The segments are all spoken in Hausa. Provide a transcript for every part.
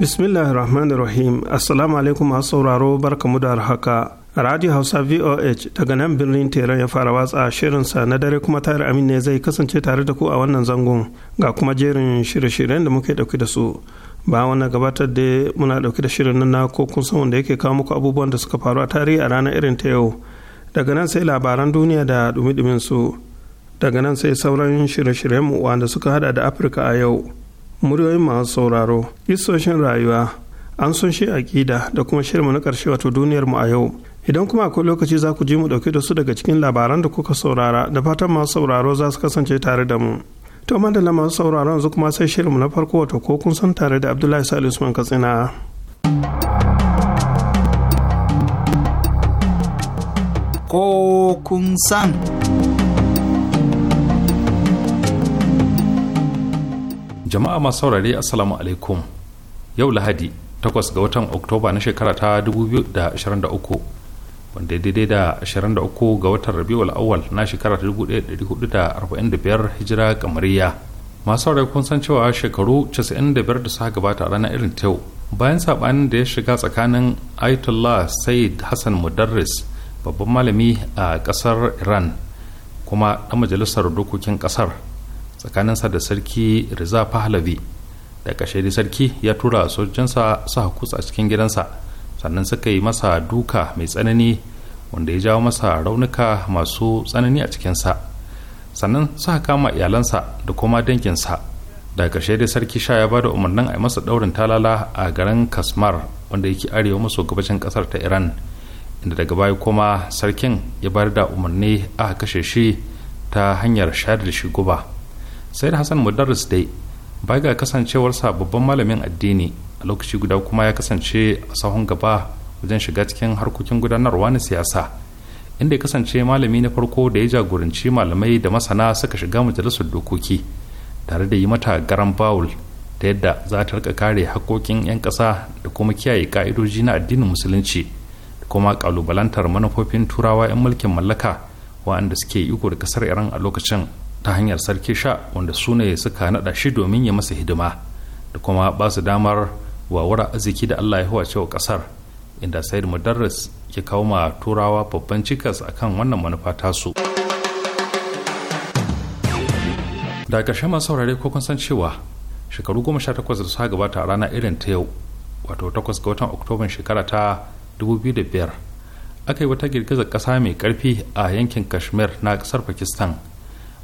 bismillahir rahmanir rahim assalamu alaikum masu sauraro barkamu da haka radio hausa voh daga nan birnin teran ya fara watsa shirinsa na dare kuma tare amin ne zai kasance tare da ku a wannan zangon ga kuma jerin shirye-shiryen da muke dauki da su ba wannan gabatar da muna dauki da shirin nan na ko kun san wanda yake kawo muku abubuwan da suka faru a tarihi a ranar irin ta yau daga nan sai labaran duniya da dumi-dumin su daga nan sai sauran shirye-shiryen mu wanda suka hada da afirka a yau muryoyin masu sauraro isoshin rayuwa an sun shi aƙida da kuma mu na ƙarshe wato duniyar mu a yau idan kuma akwai lokaci za ku ji mu ɗauke da su daga cikin labaran da kuka saurara da fatan masu sauraro za su kasance tare da mu to madalla masu sauraro yanzu kuma sai shirinmu na farko wato ko kun san tare da abdullahi sa'ad usman katsina ko kun san jama'a masu saurare assalamu alaikum yau lahadi 8 ga watan oktoba na shekara ta 2023 wanda daidai da 23 ga watan rabiul awwal na shekara ta 1445 hijira kamariya masu saurare kun san cewa shekaru 95 da suka gabata ranar irin ta bayan sabanin da ya shiga tsakanin ayatollah said hassan mudarris babban malami a kasar iran kuma ɗan majalisar dokokin kasar tsakaninsa da sarki riza pahlavi da ƙashe sarki ya tura sojojinsa su kutsa a cikin gidansa sannan suka yi masa duka mai tsanani wanda ya jawo masa raunuka masu tsanani a cikinsa sannan suka kama iyalansa da kuma danginsa da ƙarshe dai sarki sha ya bada umarnin a yi masa ɗaurin talala a garin kasmar wanda yake arewa maso gabashin ƙasar ta iran inda daga baya kuma sarkin ya bayar da umarni a kashe shi ta hanyar shayar da shi guba sayyid hassan mudarris dai ba ga kasancewarsa babban malamin addini a lokaci guda kuma ya kasance a sahun gaba wajen shiga cikin harkokin gudanarwa na siyasa inda ya kasance malami na farko da ya jagoranci malamai da masana suka shiga majalisar dokoki tare da yi mata garan bawul ta yadda za ta rika kare hakkokin 'yan ƙasa da kuma kiyaye ƙa'idoji na addinin musulunci da kuma ƙalubalantar manufofin turawa 'yan mulkin mallaka waɗanda suke iko da ƙasar iran a lokacin ta hanyar sarki sha wanda su ne suka naɗa shi domin ya masa hidima da kuma ba su damar wura arziki da allah ya huwace wa kasar inda mu mudarris ya kawo ma turawa babban cikas akan wannan manufa tasu da ƙarshe masu saurare ko kun san cewa shekaru goma sha takwas da suka gabata a rana irin ta yau wato takwas ga watan oktoban shekara ta 2005 aka yi wata girgizar ƙasa mai ƙarfi a yankin kashmir na ƙasar pakistan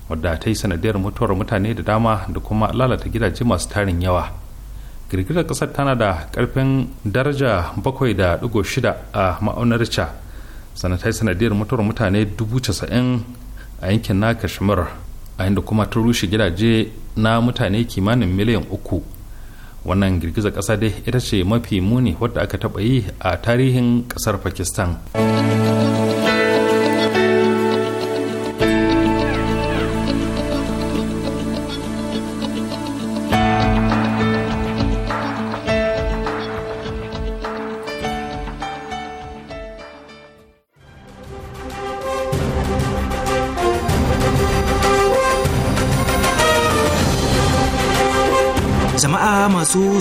wadda ta yi sanadiyar mutuwar mutane da dama da kuma lalata gidaje masu tarin yawa girgizar kasar tana da karfin daraja 7.6 a ma'aunar ca sana ta yi sanadiyar mutuwar mutane 90,000 a yankin na kashmir a yadda kuma ta rushe gidaje na mutane kimanin miliyan uku wannan girgizar kasa dai ita ce mafi muni wadda aka taɓa yi a tarihin kasar pakistan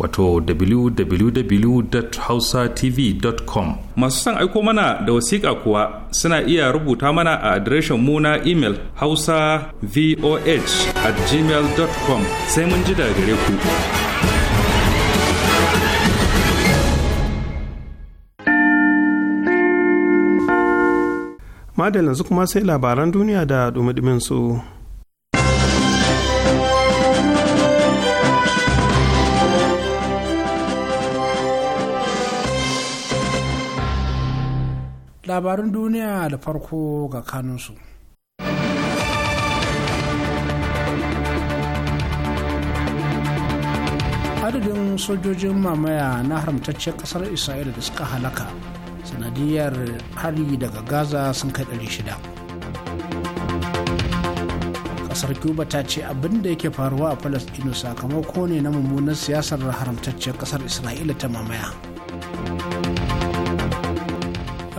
wato www.hausatv.com masu son aiko mana da wasiƙa kuwa suna iya rubuta mana a adireshin mu na imel hausa voh at gmail.com sai mun ji daga gare ku madalla yanzu kuma sai labaran duniya da dumi su. labarin duniya da farko ga kanunsu. adadin sojojin mamaya na haramtacciyar kasar isra'ila da suka halaka sanadiyar hari daga gaza sun kai shida. kasar cuba ta ce abinda yake faruwa a palestino sakamako ne na mummunan siyasar haramtacciyar kasar isra'ila ta mamaya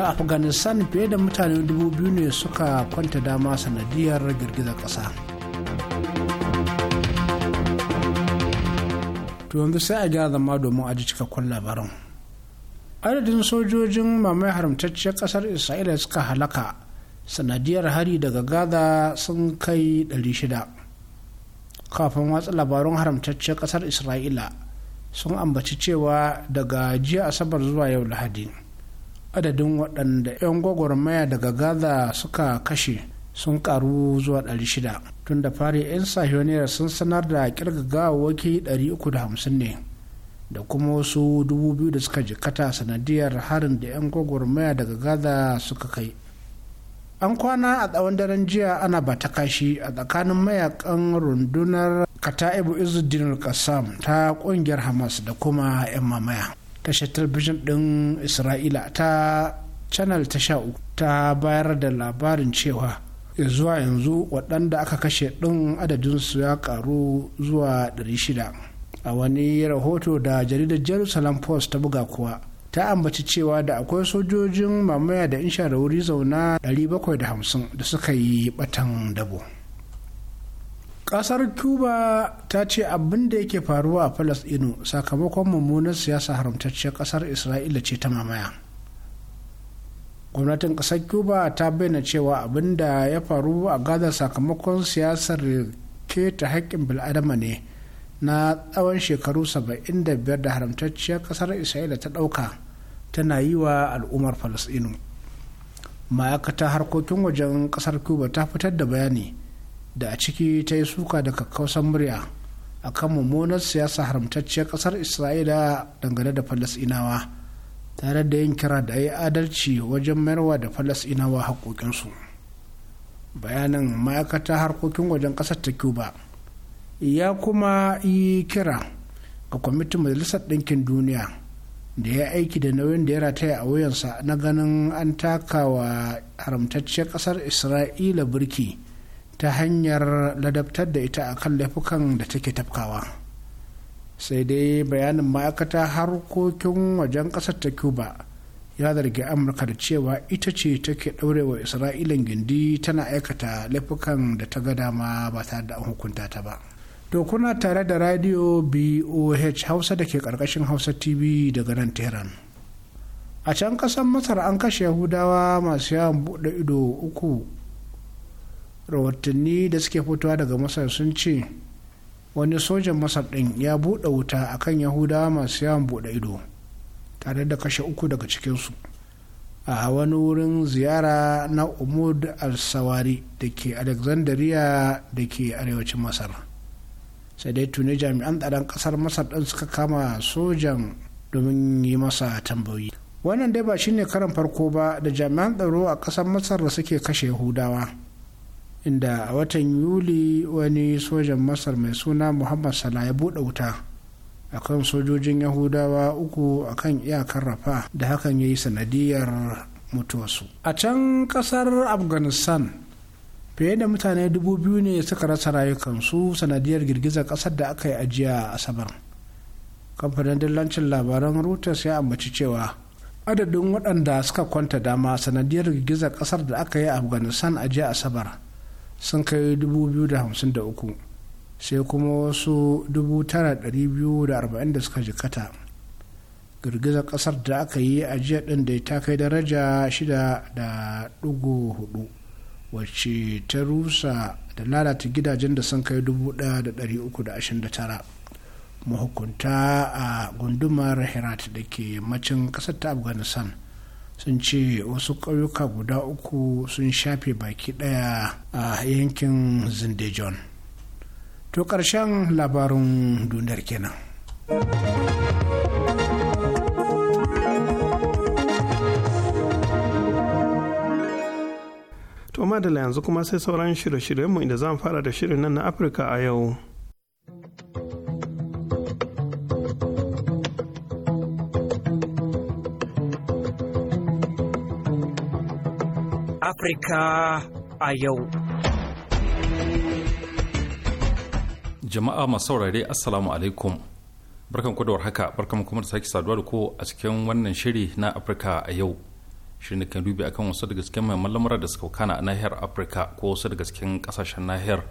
a afghanistan fiye da mutane dubu biyu ne suka kwanta dama sanadiyar girgizar ƙasa to yanzu sai a gyara zama domin a ji cikakkun labarin adadin sojojin mamai haramtacciyar kasar isra'ila suka halaka sanadiyar hari daga gaza sun kai 600 kafin watsa labarun haramtacciyar kasar isra'ila sun ambaci cewa daga jiya asabar zuwa yau lahadi adadin waɗanda 'yan gwagwarmaya daga gaza suka kashe sun karu zuwa 600 tun da fari 'yan sahiyoniyar sun sanar da kirgagawaki 350 ne da kuma wasu 2000 da suka jikata sanadiyar harin da 'yan gwagwarmaya daga gaza suka kai an kwana a tsawon daren jiya ana ba ta kashi a tsakanin mayakan rundunar kata'ibu izuddin kassam ta kungiyar hamas da kuma 'yan mamaya tashar talbijin ɗin isra'ila ta channel ta sha ta bayar da labarin cewa zuwa yanzu waɗanda aka kashe ɗin adadinsu ya ƙaru zuwa 600 a wani rahoto da jaridar jerusalem post ta buga kuwa ta ambaci cewa da akwai sojojin mamaya da in sha da wuri zauna 750 da suka yi batan dabo. kasar cuba ta ce abin da yake faruwa a falasdino sakamakon mummunar siyasa haramtacciyar kasar isra'ila ce ta mamaya gwamnatin kasar cuba ta bayyana cewa abin da ya faru a gaza sakamakon siyasar keta haƙƙin bil'adama ne na tsawon shekaru 75 da haramtacciyar kasar isra'ila ta ɗauka tana yi wa al'ummar falasdino ma'aikatar harkokin wajen kasar cuba ta fitar da bayani da a ciki ta yi suka da kakkausan murya a kan mummunar siyasa haramtacciyar ƙasar isra'ila dangane da falasinawa tare da yin kira da yi adalci wajen mayarwa da falasinawa haƙoƙinsu bayanin ma'aikata harkokin wajen ƙasar ta cuba ya kuma yi kira ga kwamitin majalisar ɗinkin duniya da ya aiki da nauyin da ya rataya a wuyansa na ganin an taka wa haramtacciyar ƙasar isra'ila birki ta hanyar ladabtar da ita a kan laifukan da take tafkawa sai dai bayanin ma'aikata harkokin wajen ƙasar ta cuba ya zargi amurka da cewa ita ce take ɗaurewa isra'ilan gindi tana aikata laifukan da ta ga dama ba tare da hukunta ta ba to kuna tare da radio boh hausa da ke ƙarƙashin hausa tv daga nan tehran a can ƙasar masar an kashe yahudawa masu yawon buɗe ido uku rahotanni da suke fitowa daga masar sun ce wani sojan masar ɗin ya buɗe wuta a kan yahudawa masu yawan buɗe ido tare da kashe uku daga cikinsu a wani wurin ziyara na umud al-sawari da ke alexandria da ke arewacin masar sai dai tuni jami'an tsaron kasar masar ɗin suka kama sojan domin yi masa tambayoyi wannan dai ba shine karan farko ba da jami'an tsaro a kasar masar da suke kashe yahudawa inda a watan yuli wani sojan masar mai suna muhammad sala ya buɗe wuta akan sojojin yahudawa uku akan iyakar rafa da hakan ya yi sanadiyar mutuwarsu a can kasar afghanistan fiye da mutane dubu biyu ne suka rasa rayukansu sanadiyar girgizar kasar da aka yi ajiya a asabar kamfanin dillancin labaran reuters ya ambaci cewa adadin waɗanda suka kwanta dama sanadiyar girgizar kasar da aka yi a afghanistan a jiya asabar sun kai 2,053 sai kuma wasu 9,240 da suka jikata girgizar kasar da aka yi a jiya din da ta kai daraja 6.4 wacce ta rusa da lalata gidajen da sun kai 1,329 mahukunta a gundumar herat da ke macin kasar ta afghanistan sun ce wasu ƙauyuka guda uku sun shafe baki ɗaya a yankin zindejon to ƙarshen labarin duniyar kenan to madala yanzu kuma sai sauran shirye-shiryenmu inda zan fara da shirin nan na afirka a yau Afirka a yau. Jama'a masu saurare Assalamu alaikum. Barkan ku haka warhaka, barkan kuma da sake saduwa da ku a cikin wannan shiri na Afirka a yau. Shirin da kan dubi akan wasu daga cikin mahimman lamura da suka kana a nahiyar Afirka ko wasu daga cikin kasashen nahiyar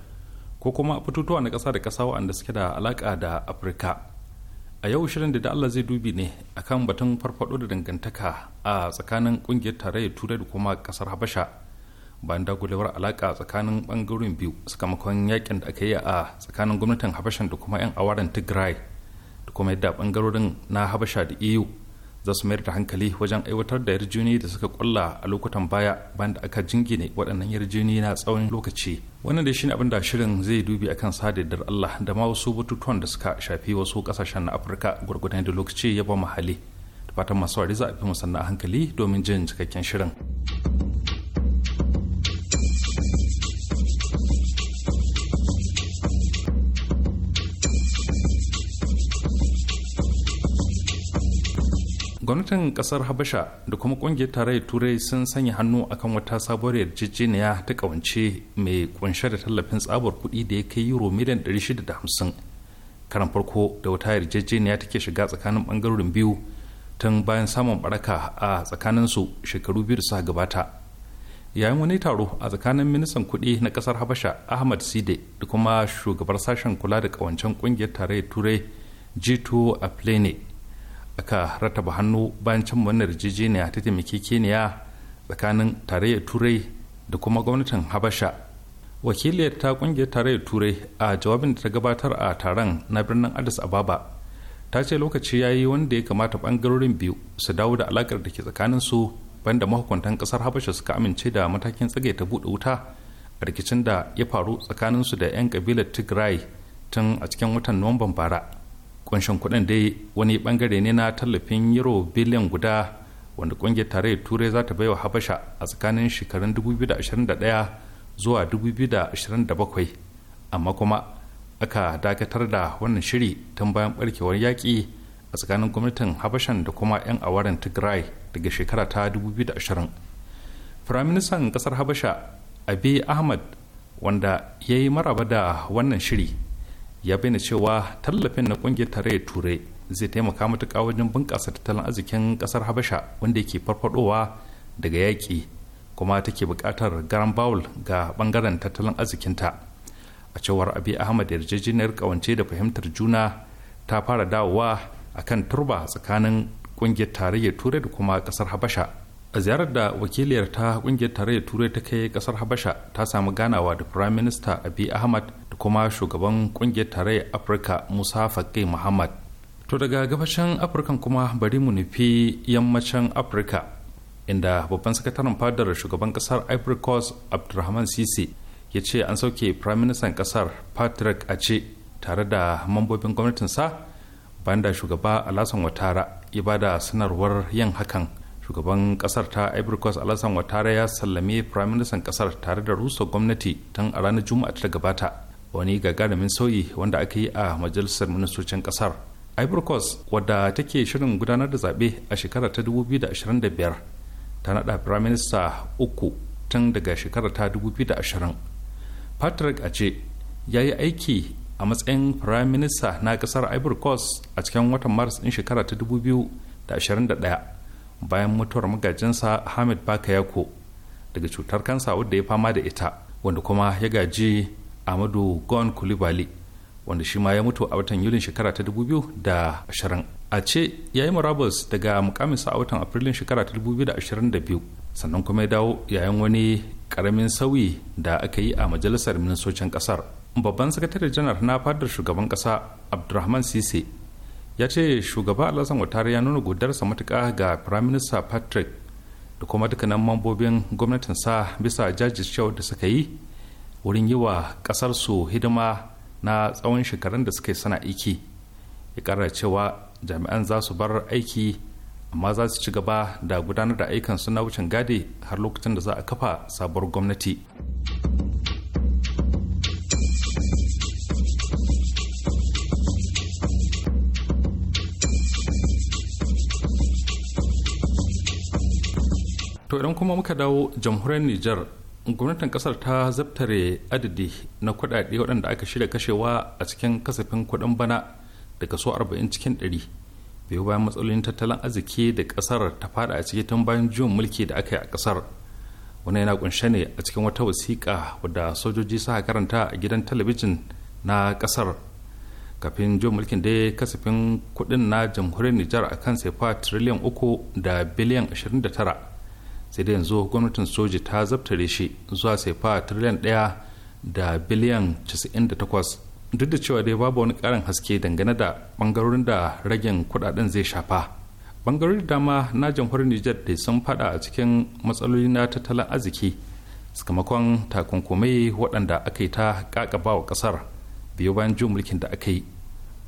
ko kuma batutuwa na kasa da ƙasa waɗanda suke da alaƙa da Afirka. a yau shirin da Allah zai dubi ne akan batun farfado da dangantaka a tsakanin kungiyar tarayyar turai da kuma kasar habasha bayan dagulewar alaka tsakanin bangarorin biyu sakamakon yakin da aka yi a tsakanin gwamnatin habashan da kuma 'yan awaren tigray da kuma yadda bangarorin na habasha da eu za su mayar da hankali wajen aiwatar da yarjini da suka kulla a lokutan baya bayan da aka jingine waɗannan yarjini na tsawon lokaci wannan da shine abin da shirin zai dubi akan sadaddar Allah da ma wasu batutuwan da suka shafi wasu kasashen na Afirka gurgudan da lokaci ya ba mu hali da fatan masu za a fi musanna hankali domin jin cikakken shirin. gwamnatin kasar habasha da kuma kungiyar tarayyar turai sun sanya hannu akan wata sabuwar yarjejeniya ta kawance mai kunshe da tallafin tsabar kuɗi da ya kai euro miliyan 650 karan farko da wata yarjejeniya take shiga tsakanin bangarorin biyu tun bayan samun baraka a tsakaninsu shekaru biyu da suka gabata yayin wani taro a tsakanin ministan kuɗi na kasar habasha ahmad side da kuma shugabar sashen kula da kawancen kungiyar tarayyar turai jito aplene aka rataba hannu bayan cin wannan yarjejeniya ta taimakekeniya tsakanin tarayyar turai da kuma gwamnatin habasha wakiliyar ta kungiyar tarayyar turai a jawabin da ta gabatar a taron na birnin addis ababa ta ce lokaci ya yi wanda ya kamata bangarorin biyu su dawo da alakar da ke tsakanin su banda mahukuntan kasar habasha suka amince da matakin tsage ta buɗe wuta a rikicin da ya faru tsakanin su da 'yan kabilar tigray tun a cikin watan nuwamban bara kunshin kudin dai wani bangare ne na tallafin euro biliyan guda wanda ƙungiyar tarayyar turai za ta baiwa habasha a tsakanin shekarun 2021 zuwa 2027 amma kuma aka dakatar da wannan shiri tun bayan barkewar yaƙi a tsakanin gwamnatin habashan da kuma 'yan awarin tigray daga shekara ta 2020 firaministan kasar habasha abi ahmad wanda ya yi maraba da wannan shiri ya bayyana cewa tallafin na kungiyar tarayyar turai zai taimaka matuƙa wajen bunƙasa tattalin arzikin ƙasar habasha wanda yake farfadowa daga yaƙi kuma take buƙatar garan bawul ga ɓangaren tattalin arzikinta a cewar abi ahmad yarjejeniyar ƙawance da fahimtar juna ta fara dawowa akan turba tsakanin kungiyar tarayyar turai da kuma ƙasar habasha a ziyarar da wakiliyar ta kungiyar tarayyar turai ta kai kasar habasha ta samu ganawa da prime minister abi ahmad da kuma shugaban kungiyar tarayyar afirka musa fakai muhammad to daga gabashin afirkan kuma bari mu nufi yammacin afirka inda babban sakataren fadar shugaban kasar ivory coast abdulrahman sisi ya ce an sauke prime minister kasar patrick ce tare da mambobin gwamnatinsa bayan da shugaba alasan watara ya ba da sanarwar yin hakan shugaban kasar ta ivory coast watara ya sallame prime minister kasar tare da rusa gwamnati tun a ranar juma'a ta gabata wani gagarumin sauyi wanda aka yi a majalisar ministocin kasar ivory coast wadda take shirin gudanar da zaɓe a shekara ta 2025 ta naɗa prime minister uku tun daga shekara ta 2020 patrick a ce ya yi aiki a matsayin prime minister na kasar ivory coast a cikin watan maris ɗin shekara ta 2021 bayan mutuwar magajinsa hamid bakayako daga cutar kansa wadda ya fama da ita wanda kuma ya gaji amadu gon kulibali wanda shi ma ya mutu a watan yulin shekara ta 2020 a ce ya yi murabus daga mukamin sa a watan afrilun shekara ta 2022 sannan kuma ya dawo yayin wani karamin sauyi da aka yi a majalisar ministocin kasar babban sakatare janar na fadar shugaban kasa abdulrahman sise ya ce shugaba alasan watari ya nuna gudarsa matuka ga prime minister patrick da kuma dukkanin mambobin gwamnatin sa bisa jajircewa da suka yi wurin yi wa ƙasarsu hidima na tsawon shekarun da suka yi sana aiki ya ƙara cewa jami'an za su bar aiki amma za su ci gaba da gudanar da aikansu na wucin gadi har lokacin da za a kafa sabuwar gwamnati. to idan kuma muka dawo jamhuriyar niger gwamnatin kasar ta zabtare adadi na kudade waɗanda aka shirya kashewa a cikin kasafin kudin bana daga kaso 40 cikin 100 biyu bayan matsalolin tattalin arziki da kasar ta fada a ciki tun bayan juyin mulki da aka yi a kasar wani yana kunshe ne a cikin wata wasiƙa wadda sojoji suka karanta a gidan talabijin na kasar kafin juyin mulkin da kasafin kudin na jamhuriyar nijar akan sefa tiriliyan uku da biliyan 29 sai da yanzu gwamnatin soji ta zabtare shi zuwa saifa tiriliyan ɗaya da biliyan 98 duk da cewa dai babu wani ƙarin haske dangane da ɓangarorin da ragin kuɗaɗen zai shafa bangarorin dama na jamhuriyar niger da sun faɗa a cikin matsaloli na tattalin arziki sakamakon takunkumai waɗanda aka yi ta ba wa ƙasar biyu bayan jin mulkin da aka yi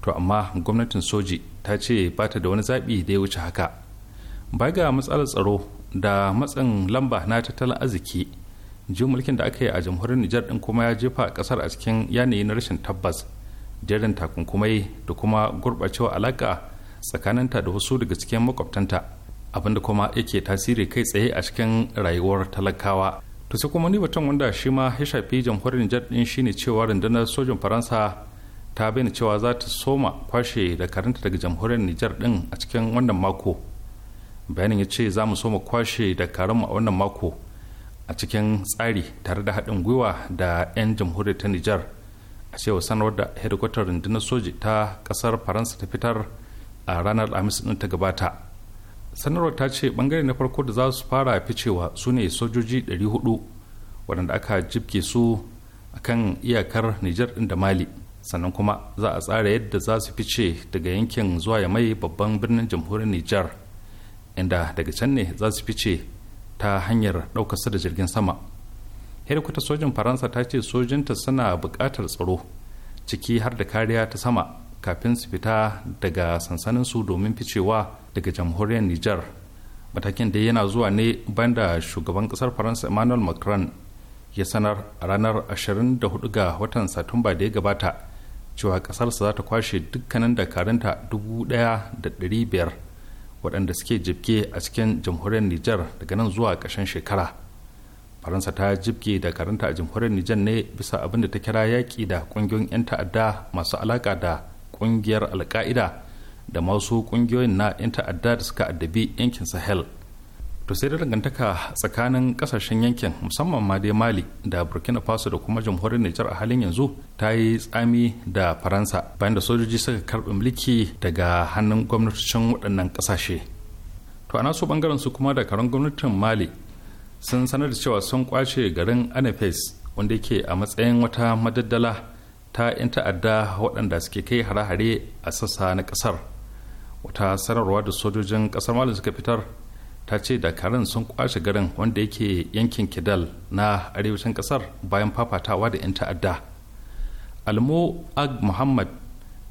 to amma gwamnatin soji ta ce ba ta da wani zaɓi da ya wuce haka ba ga matsalar tsaro da matsin lamba na tattalin arziki jin mulkin da aka yi a jamhuriyar nijar din kuma ya jefa kasar a cikin yanayi na rashin tabbas jerin takunkumai da kuma gurɓacewa alaƙa tsakaninta da wasu daga cikin makwabtanta abinda kuma yake tasiri kai tsaye a cikin rayuwar talakawa to sai kuma ni batun wanda shi ma ya shafi jamhuriyar nijar din shine cewa rundunar sojin faransa ta bayyana cewa za ta soma kwashe da karanta daga jamhuriyar nijar din a cikin wannan mako bayanin ya ce za mu so mu kwashe dakarunmu a wannan mako a cikin tsari tare da haɗin gwiwa da 'yan jamhuriyar ta nijar a cewa sanarwar da hedikwatar rundunar soji ta ƙasar faransa ta fitar a ranar alhamis ɗin ta gabata sanarwar ta ce bangare na farko da za su fara ficewa su ne sojoji 400 waɗanda aka jibge su a kan iyakar nijar ɗin da mali sannan kuma za a tsara yadda za su fice daga yankin zuwa ya mai babban birnin jamhuriyar nijar inda daga can ne za su fice ta hanyar ɗaukarsa da jirgin sama hedikwata sojin faransa ta ce sojinta suna buƙatar tsaro ciki har da kariya ta sama kafin su fita daga sansaninsu domin ficewa daga jamhuriyar niger matakin da yana zuwa ne banda shugaban ƙasar faransa emmanuel macron ya sanar a ranar 24 ga watan satumba da ya gabata cewa kasarsa za ta kwashe dukkanin dakarunta 1,500 waɗanda suke jibge a cikin jamhuriyar nijar daga nan zuwa ƙarshen shekara faransa ta jibge da karanta a jamhuriyar nijar ne bisa abin da ta kira yaƙi da ƙungiyoyin 'yan ta'adda masu alaƙa da ƙungiyar alƙa'ida da masu ƙungiyoyin na 'yan ta'adda da suka addabi yankin sahel to sai da dangantaka tsakanin kasashen yankin musamman ma dai mali da burkina faso da kuma jamhuriyar nijar a halin yanzu ta yi tsami da faransa bayan da sojoji suka karɓi mulki daga hannun gwamnatocin waɗannan ƙasashe to a nasu bangaren su kuma da karan gwamnatin mali sun sanar da cewa sun kwace garin anafes wanda yake a matsayin wata madaddala ta 'yan ta'adda waɗanda suke kai hare-hare a sassa na ƙasar wata sanarwa da sojojin ƙasar mali suka fitar ta ce dakarun sun kwashe garin wanda yake yankin kidal na arewacin kasar bayan fafatawa da 'yan ta'adda almo ag muhammad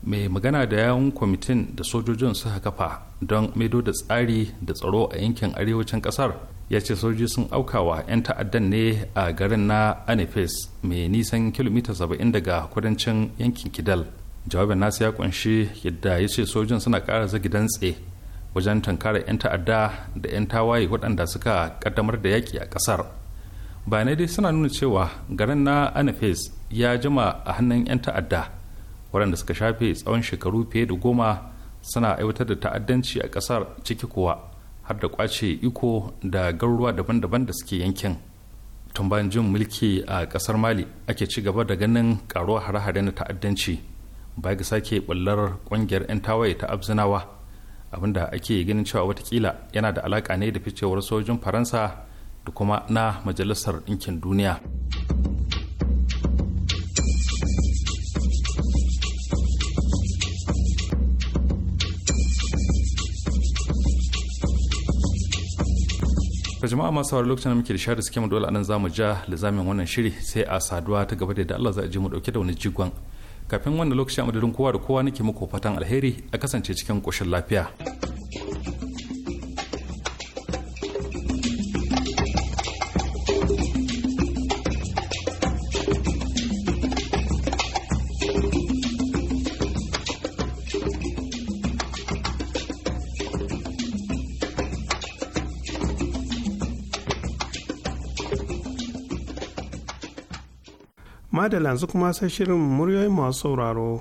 mai magana da yawun kwamitin da sojojin suka kafa don maido da tsari da tsaro a yankin arewacin kasar ya ce sojoji sun aukawa 'yan ta'addan ne a garin na anifes mai nisan kilomita saba'in daga kudancin yankin kidal jawabin nasu ya kunshi yadda ya ce sojin suna kara zagi tse. wajen tankara 'yan ta'adda da 'yan tawaye waɗanda suka kaddamar da yaƙi a ƙasar bayanai dai suna nuna cewa garin na anafes ya jima a hannun 'yan ta'adda waɗanda suka shafe tsawon shekaru fiye da goma suna aiwatar da ta'addanci a ƙasar ciki kuwa har da ƙwace iko da garuruwa daban-daban da suke yankin tun bayan jin mulki a ƙasar mali ake ci gaba da ganin ƙaruwar hare-hare na ta'addanci baya ga sake ɓullar ƙungiyar 'yan tawaye ta abzinawa abinda ake ganin cewa watakila yana da alaka ne da ficewar sojin faransa da kuma na majalisar ɗinkin duniya ka jama'a masu sauraro lokacin da muke da suke mu dole anan mu ja lizamin wannan shiri sai a saduwa ta gaba da Allah za a je mu dauke da wani jigon kafin wannan lokaci a madadin kowa da kowa nake muku fatan alheri a kasance cikin koshin lafiya. amma da lanzu kuma sai shirin muryoyin masu sauraro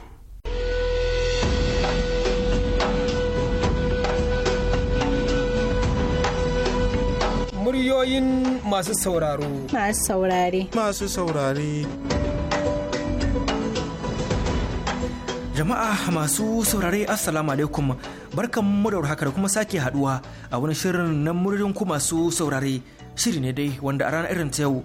muryoyin masu sauraro masu saurare masu saurare Jama'a masu saurare Assalamu alaikum barkan mu da warhaka da kuma sake haduwa a wani shirin na muryoyin ku masu saurare shiri ne dai wanda a ranar irin ta yau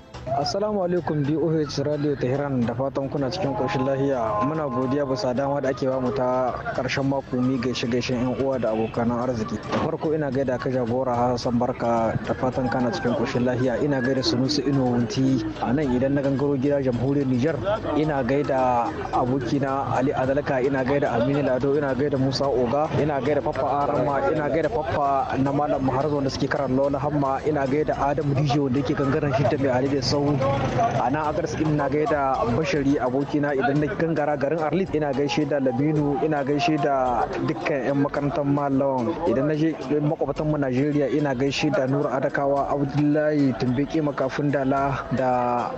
Assalamu alaikum BOH Radio Tehran da fatan kuna cikin koshin lahiya muna godiya bisa dama da ake bamu ta karshen mako mi gaishe gaishen yan uwa da abokan arziki. Da farko ina gaida ka jagora Hassan Barka da fatan kana cikin koshin lahiya ina gaida Sunusi Ino Wunti a nan idan na gangaro gida jamhuriyar Nijar ina gaida abokina Ali Adalka ina gaida Aminu Lado ina gaida Musa Oga ina gaida Papa Arama ina gaida Papa na Malam Muharzo da suke karan Lola Hamma ina gaida Adamu Dijo da yake gangaren shi da mai Ali sau a nan Agars na gaida Bashari abokina idan na gangara garin Arlit ina gaishe da Labinu ina gaishe da dukkan 'yan makarantar Malawan idan na je makwabtan mu Najeriya ina gaishe da Nura Adakawa Abdullahi Tumbeke Makafin Dala da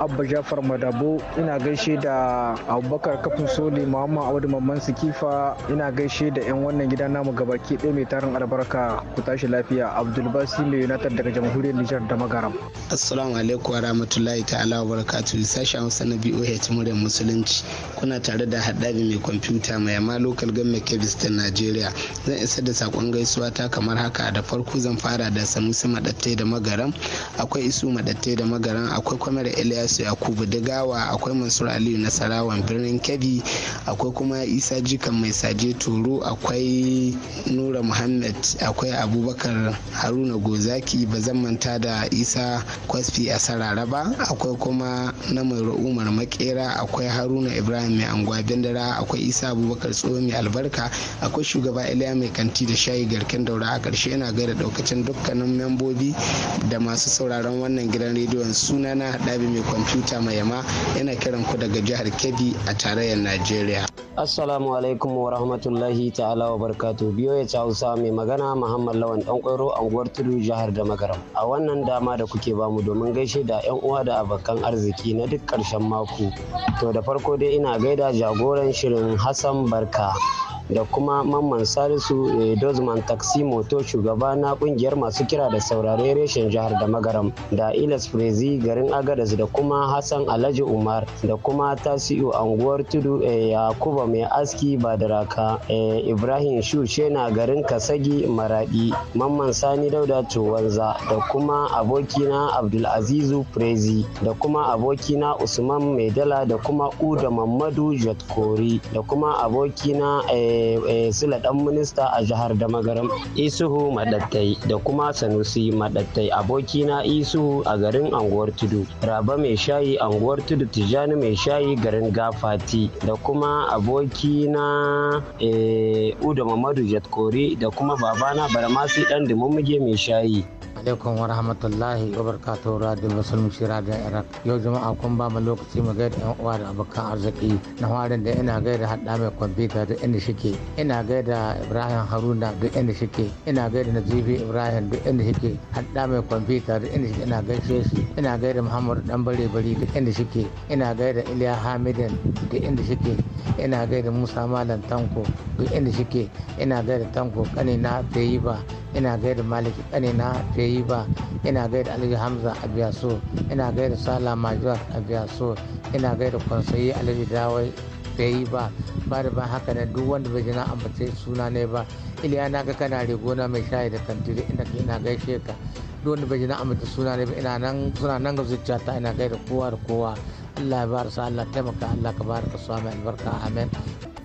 Abba Jafar Madabo ina gaishe da Abubakar Kafin Soli Muhammad Audu Mamman Sikifa ina gaishe da 'yan wannan gida namu gabaki ɗaya mai tarin albarka ku tashi lafiya Abdulbasi mai yunatar daga jamhuriyar Nijar da Magaram. Assalamu alaikum wa rahmatullahi ta'ala wa barakatu sashen hausa na boh muryar musulunci kuna tare da haɗari mai kwamfuta mai amma lokal gamme kebis ta najeriya zan isa da sakon gaisuwa ta kamar haka da farko zan fara da samisi madatte da magaran akwai isu madatte da magaran akwai kwamar ilyasu yakubu gawa akwai mansur aliyu nasarawan birnin kebbi akwai kuma isa jikan mai saje toro akwai nura muhammad akwai abubakar haruna gozaki ba zan manta da isa kwasfi a sarara ba. akwai kuma na mai umar makera akwai haruna ibrahim mai anguwa bindara akwai isa abubakar tsoho mai albarka akwai shugaba iliya mai kanti da shayi garken daura a karshe yana gaida daukacin dukkanin membobi da masu sauraron wannan gidan rediyon suna na mai kwamfuta mai yama yana kiran ku daga jihar kebbi a tarayyar najeriya assalamu alaikum wa rahmatullahi ta'ala wa barkatu biyo ya hausa mai magana muhammad lawan dan kwairo anguwar tudu jihar da magaram a wannan dama da kuke bamu domin gaishe da yan uwa da abokan arziki na duk ƙarshen mako. To da farko dai ina gaida jagoran shirin Hassan Barka da kuma mamman salisu eh, dozman taksi moto shugaba na kungiyar masu kira da saurare reshen jihar da magaram da ilas frezi garin agadas da kuma hassan alhaji umar da kuma tasiu anguwar tudu eh, yakuba mai aski badaraka eh, ibrahim shushe na garin kasagi maradi mamman sani dauda tuwanza da kuma abokina abdulazizu frezi da kuma abokina usman maidala da kuma uda mamadu jatkori da kuma abokina Eh, eh, sila dan minista a jihar damagaram isuhu madattai da kuma sanusi madattai abokina isuhu a garin anguwar tudu raba mai shayi anguwar tudu tijjani mai shayi garin gafati da kuma abokina eh, uda mamadu jatkori da kuma babana baramasi dan dimumuge mai shayi alaikum wa rahmatullahi wa barakatuhu radio musulmi shira da iraq yau jama'a kun ba mu lokaci mu gaida yan uwa da abokan arziki na harin da ina gaida hada mai kwamfuta da inda shi shike ina gaida ibrahim haruna duk inda shike ina gaida nazifi ibrahim duk inda shike hadda mai kwamfuta duk inda shike ina gaishe shi ina gaida muhammadu dan bare bari duk inda shike ina gaida iliya hamidin duk inda shike ina gaida musa malam tanko duk inda shike ina gaida tanko tayi ba ina gaida malik tayi ba ina gaida alhaji hamza abiyaso ina gaida sala majuwa abiyaso ina gaida kwansayi alhaji dawai ta yi ba ba da ban haka na duk wanda bai jina ambace suna ne ba iliya na ga kana rigona mai shayi da kantiri inda ina gaishe ka duk wanda bai jina ambace suna ne ba ina nan suna nan ga ta ina gaida kowa da kowa Allah ya barasa Allah taimaka Allah ka baraka su mai albarka amen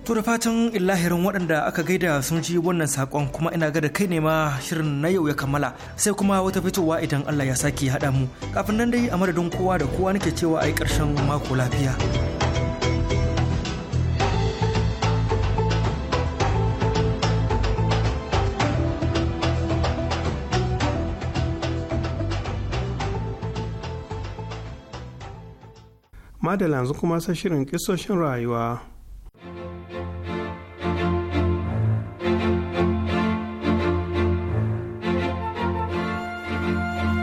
To da fatan illahirin waɗanda aka gaida sun ji wannan saƙon kuma ina ga da kai ne ma shirin na yau ya kammala sai kuma wata fitowa idan Allah ya sake haɗa mu. Kafin nan dai a madadin kowa da kowa nake cewa a yi ƙarshen mako lafiya. madala yanzu kuma sa shirin kisoshin rayuwa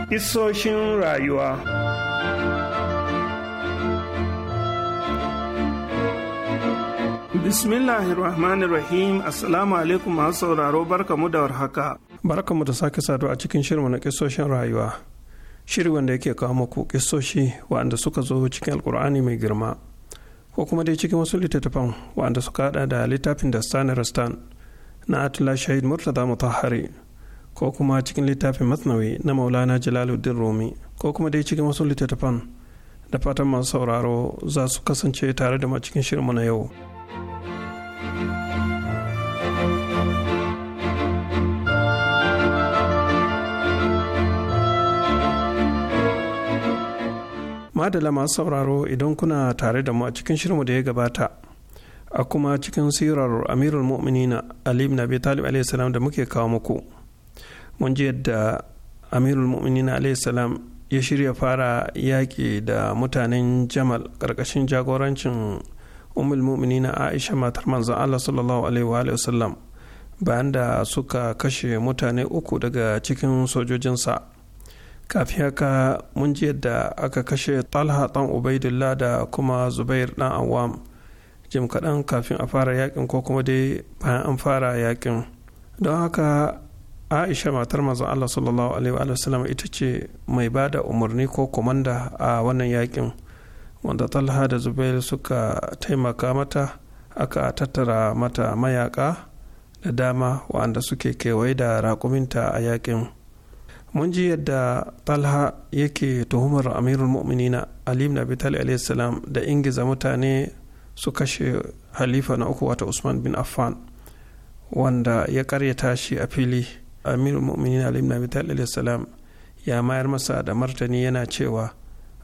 Kisoshin rayuwa Bismillahirrahmanirrahim Assalamu alaikum masu sauraro barkamu da warhaka. Barkamu da sake saduwa a cikin shirin na kisoshin rayuwa. shiri wanda yake kawo muku kisoshi waɗanda suka zo cikin alkur'ani mai girma ko kuma dai cikin wasu littattafan waɗanda suka hada da littafin da stan rastan na atula shahid murtala mutahari ko kuma cikin littafin masnawi na maulana jalaluddin rumi ko kuma dai cikin wasu littattafan da fatan masu sauraro za su kasance tare da ma cikin shirinmu na yau. adala masu sauraro idan kuna tare da mu a cikin shirinmu da ya gabata a kuma cikin sirar amirul mu'minina ali ibn abi talib alayhi salam da muke kawo muku mun ji yadda amirul mu'minina alayhi salam ya shirya fara yaƙi da mutanen jamal ƙarƙashin jagorancin umul mu'minina aisha matar manzon allah sallallahu alaihi wa sallam bayan da suka kashe mutane uku daga cikin sojojinsa kafin haka mun ji yadda aka kashe talha dan ubaidullah da kuma zubair dan awam jim kaɗan kafin a fara yakin ko kuma dai bayan an fara yakin don haka aisha matar manzon allah sallallahu alaihi wa sallam ita ce mai ba da umarni ko komanda a wannan yakin wanda talha da zubair suka taimaka mata aka tattara mata mayaka da dama waɗanda suke kewaye da raƙuminta a yakin mun ji yadda talha yake tuhumar amirul mu'minina ali na bitali salam da ingiza mutane su kashe halifa na uku wata usman bin affan wanda ya karyata shi a fili amirul mu'minina ali na bitali salam ya mayar masa da martani yana cewa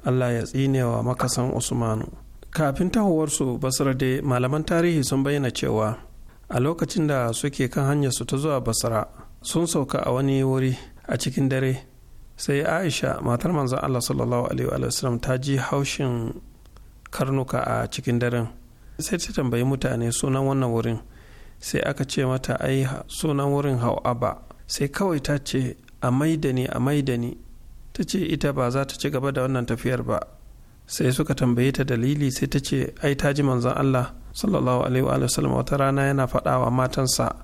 allah ya tsine wa makasan usmanu kafin tahowarsu basra dai malaman tarihi sun bayyana cewa a lokacin da suke kan hanyarsu ta zuwa basra sun sauka a wani wuri a cikin dare sai aisha matar manzon allah sallallahu alaihi wa sallam ta ji haushin karnuka a cikin daren sai ta tambayi mutane sunan wannan wurin sai aka ce mata ai sunan wurin Hau Aba. sai kawai ta ce a maidani a maidani ta ce ita ba za ta ci gaba da wannan tafiyar ba sai suka tambaye ta dalili sai ta ce ai ta ji manzon Allah sallallahu alaihi wa sallam wata rana yana faɗa matansa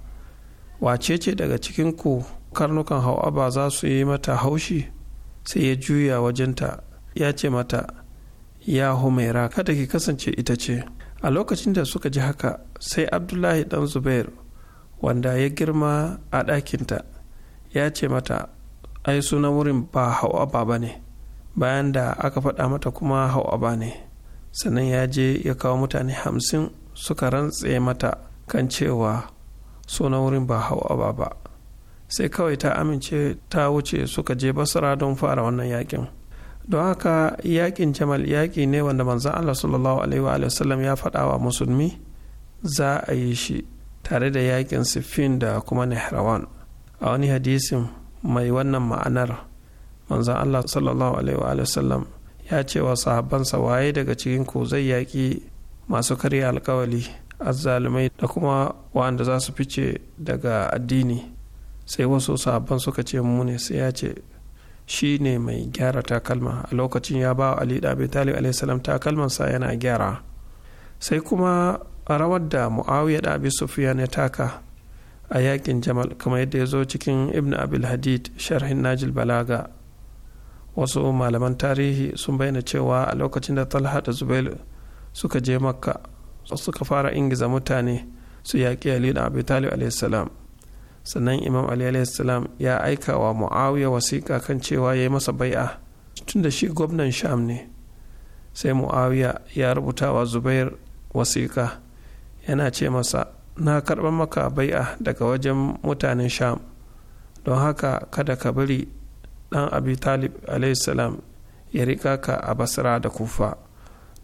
wace ce daga cikin ku karnukan hawa ba za su yi mata haushi sai ya juya wajenta ya ce mata ya humaira kada ki kasance ita ce a lokacin da suka ji haka sai abdullahi dan zubair wanda ya girma a ɗakinta ya ce mata ai sunan wurin ba hawa ba ne bayan da aka faɗa mata kuma hawa ba ne sannan ya je ya kawo mutane hamsin suka rantse mata kan cewa sunan wurin ba hawa ba ba sai kawai ta amince ta wuce suka je basra don fara wannan yakin don haka yakin jamal yaki ne wanda manzan allah sallallahu alaihi wa ya faɗa wa musulmi za a yi shi tare da yakin siffin da kuma nehrawan a wani hadisin mai wannan ma'anar manzan allah sallallahu alaihi wa sallam ya ce wa sahabbansa waye daga cikin ku zai yaki masu karya alkawali azzalumai da kuma wanda za su fice daga addini sai wasu sabon suka ce mu ne sai ya ce shi ne mai gyara takalma a lokacin ya ba ali da abi talib alaihissalam sa yana gyara sai kuma a rawar da muawiya da abi sufyan ya taka a yakin jamal kamar yadda ya zo cikin ibn abil hadid sharhin najil balaga wasu malaman tarihi sun bayyana cewa a lokacin da talha da zubair suka je makka suka fara ingiza mutane su yaƙi ali da talib alaihissalam sannan imam ali salam ya aika wa muawiya wasiƙa kan cewa ya yi masa bai'a tun da shi gwamnan sham ne sai muawiya ya rubuta wa zubair wasiƙa yana ce masa na karɓar maka bai'a daga wajen mutanen sham don haka kada ka bari ɗan abi talib salam ya riƙa ka a basira da kufa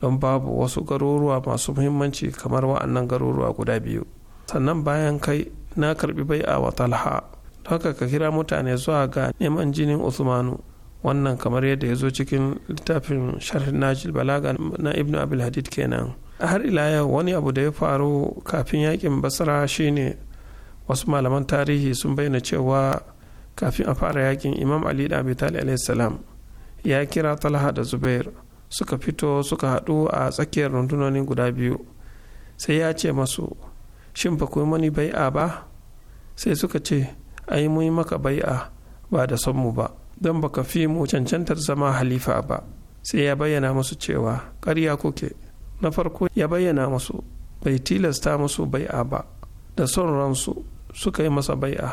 don babu wasu garuruwa masu muhimmanci kamar wa'annan garuruwa guda biyu sannan bayan kai na karbi bai a wa talha haka ka kira mutane zuwa ga neman jinin usmanu wannan kamar yadda ya zo cikin littafin sharhin najil balaga na ibnu abul hadid kenan a har ila yau wani abu da ya faru kafin yakin basra shine wasu malaman tarihi sun bayyana cewa kafin a fara yakin imam ali da abi salam ya kira talha da zubair suka fito suka haɗu a tsakiyar rundunonin guda biyu sai ya ce masu shin ba ku mani bai'a ba sai suka ce ai mun maka bai'a ba da son mu ba don baka fi mu cancantar zama halifa ba sai ya bayyana musu cewa ƙarya kuke na farko ya bayyana musu bai tilasta musu bai'a ba da son ransu suka yi masa bai'a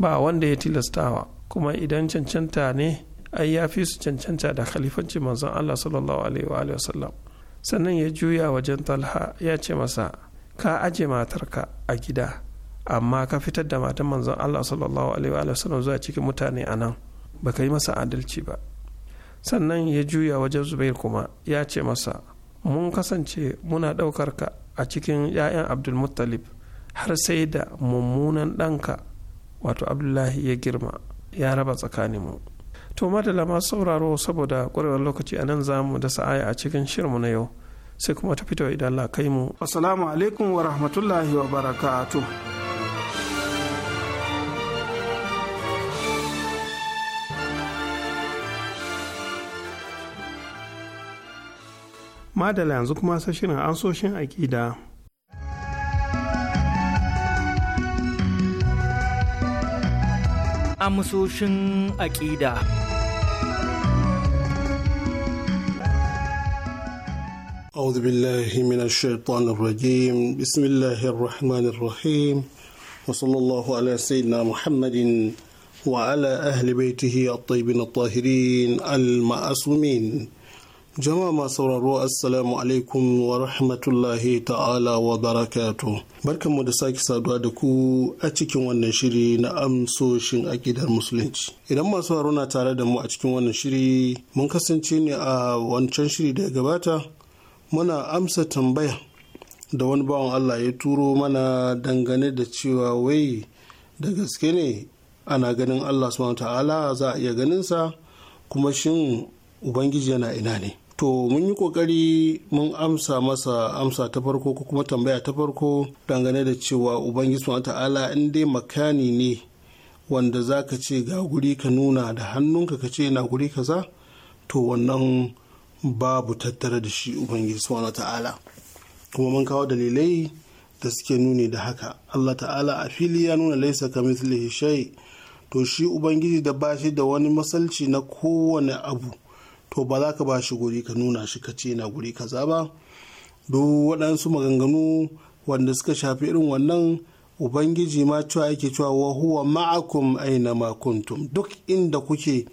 ba wanda ya tilastawa kuma idan cancanta ne ai ya fi su cancanta da khalifanci manzon Allah sallallahu alaihi wa sallam sannan ya juya wajen talha ya ce masa ka aje matarka a gida amma ka fitar da matan manzon Allah sallallahu alaihi wa sallam zuwa cikin mutane a nan ba ka yi masa adalci ba sannan ya juya wajen zubair kuma ya ce masa mun kasance muna ɗaukar ka a cikin 'ya'yan abdulmuttalib har sai da mummunan ɗanka wato abdullahi ya girma ya raba tsakaninmu to madalla ma sauraro saboda ƙwarewar lokaci a nan za mu dasa aya a cikin shirmu na yau sai kuma ta fito idan Allah kai mu assalamu alaikum wa rahmatullahi wa barakatu. madala yanzu kuma sashirin shin aƙida. Amsoshin aƙida. أعوذ بالله من الشيطان الرجيم بسم الله الرحمن الرحيم وصلى الله على سيدنا محمد وعلى أهل بيته الطيبين الطاهرين المعصومين jama'a masu sauraro assalamu alaikum wa rahmatullahi ta'ala wa barakatu barkanmu da sake saduwa da ku a cikin wannan shiri na amsoshin akidar musulunci idan masu sauraro na tare da mu a cikin wannan shiri mun kasance ne a wancan shiri da ya gabata muna amsa tambaya da wani bawan Allah ya turo mana dangane da cewa wai da gaske ne ana ganin Allah subhanahu ta'ala za a iya ganinsa kuma shin Ubangiji yana ina ne. To mun yi kokari mun amsa masa amsa ta farko ko kuma tambaya ta farko dangane da cewa Ubangiji subhanahu ta'ala in dai makani ne wanda za ka ce ga guri ka nuna da hannunka ka ce na guri kaza to wannan babu tattara da shi ubangiji subhanahu ta'ala kuma mun kawo dalilai da suke nuni da haka Allah ta'ala a fili ya nuna laisa kamithlihi shay to shi ubangiji da ba shi da wani masalci na kowane abu to ba za ka ba shi guri ka nuna shi ka ce na guri kaza ba duk waɗansu maganganu wanda suka shafi irin wannan ubangiji ma cewa yake cewa wa huwa ma'akum aina ma kuntum duk inda kuke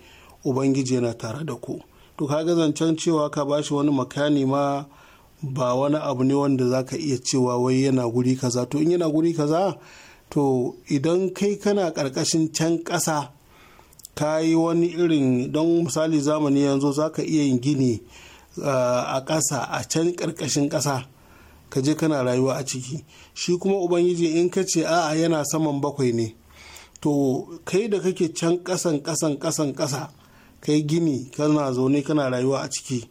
ubangiji yana tare da ku to ka kaga zancen cewa ka bashi wani makani ma ba wani abu ne wanda za ka iya cewa wai yana guri kaza to in yana guri kaza to idan kai kana karkashin can ƙasa ka yi wani irin don misali zamani yanzu za ka iya yin gini a ƙasa a can karkashin ƙasa ka je kana rayuwa a ciki shi kuma ubangiji in ka ce a'a yana saman bakwai ne to kai da kake can ƙasan ƙasan ƙasan ƙasa kai gini kana zaune kana rayuwa a ciki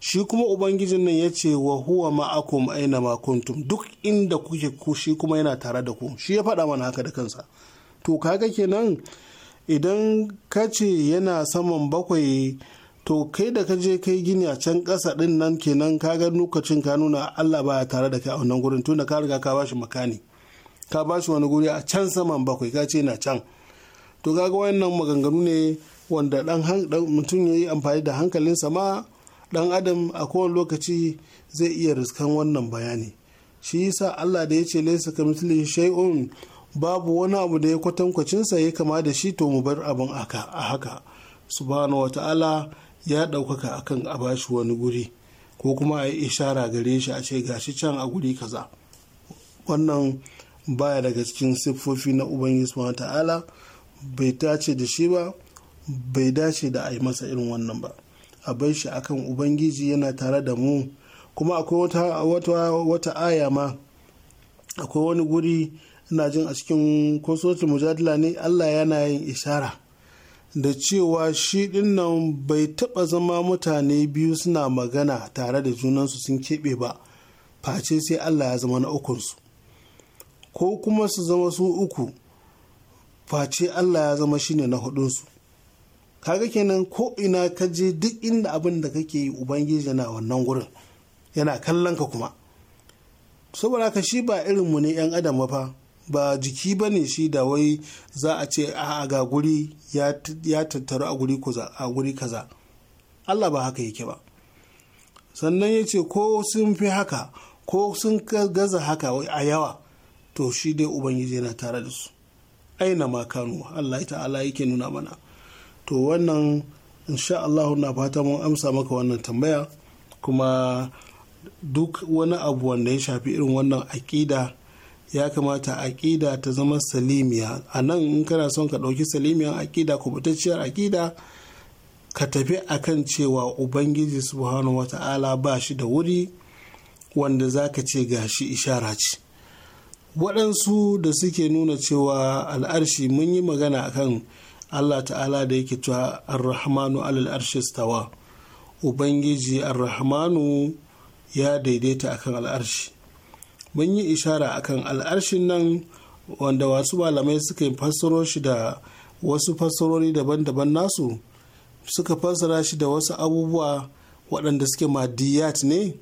shi kuma ubangijin nan ya ce wa huwa ma'akum aina ma kuntum duk inda kuke ku shi kuma yana tare da ku shi ya faɗa mana haka da kansa to kaga kenan idan ka ce yana saman bakwai to kai da ka je kai gini a can ƙasa ɗin nan kenan ka ga lokacin ka nuna Allah baya tare da kai a wannan gurin tunda ka riga ka bashi makani ka bashi wani guri a can saman bakwai ka ce na can to kaga wayannan maganganu ne wanda dan mutum ya yi amfani da hankalinsa ma dan adam a kowane lokaci zai iya riskan wannan bayani shi yasa Allah da ya ce laisa kamithlihi shay'un babu wani abu da ya kwatankwacinsa ya kama da shi to mu bar abin aka a haka subhanahu wata'ala ya ɗaukaka akan a bashi wani guri ko kuma a yi ishara gare shi a ce gashi can a guri kaza wannan baya daga cikin siffofi na ubangiji subhanahu wata'ala bai tace da shi ba bai dace da a yi masa irin wannan ba a bai shi akan ubangiji yana tare da mu kuma akwai wata, aya ma akwai wani guri ina jin a cikin kwasotin mujadila ne allah yana yin ishara da cewa shi dinnan bai taba zama mutane biyu suna magana tare da junansu sun keɓe ba face sai allah ya zama na ukunsu ko kuma su zama su uku face allah ya zama shine na hudunsu kaga kenan ko ina ka je duk inda abin da kake yi ubangiji na wannan gurin yana kallon ka kuma saboda ka shi ba irin mu ne yan adam ba ba jiki ba ne shi da wai za a ce a ga guri ya tattaru a guri kaza a guri kaza Allah ba haka yake ba sannan ya ce ko sun fi haka ko sun gaza haka a yawa to shi dai ubangiji yana tare da su aina ma kanu Allah ta'ala yake nuna mana to wannan insha Allah na fata mun amsa maka wannan tambaya kuma duk wani abu wanda ya shafi irin wannan aƙida ya kamata aƙida ta zama salimiya a nan in kana son ka ɗauki salimiyar aƙida kubutacciyar aƙida ka tafi akan cewa ubangiji subhanahu wata'ala ba shi da wuri wanda za ka ce ga shi ishara ce waɗansu da suke nuna cewa al'arshi mun yi magana akan Allah ta'ala da yake cewa arrahmanu alal arshi stawa ubangiji arrahmanu ya daidaita akan al'arshi mun yi ishara akan al'arshin nan wanda wasu malamai suka yi fassaro shi da wasu fassarori daban-daban nasu suka fassara shi da wasu abubuwa waɗanda suke madiyat ne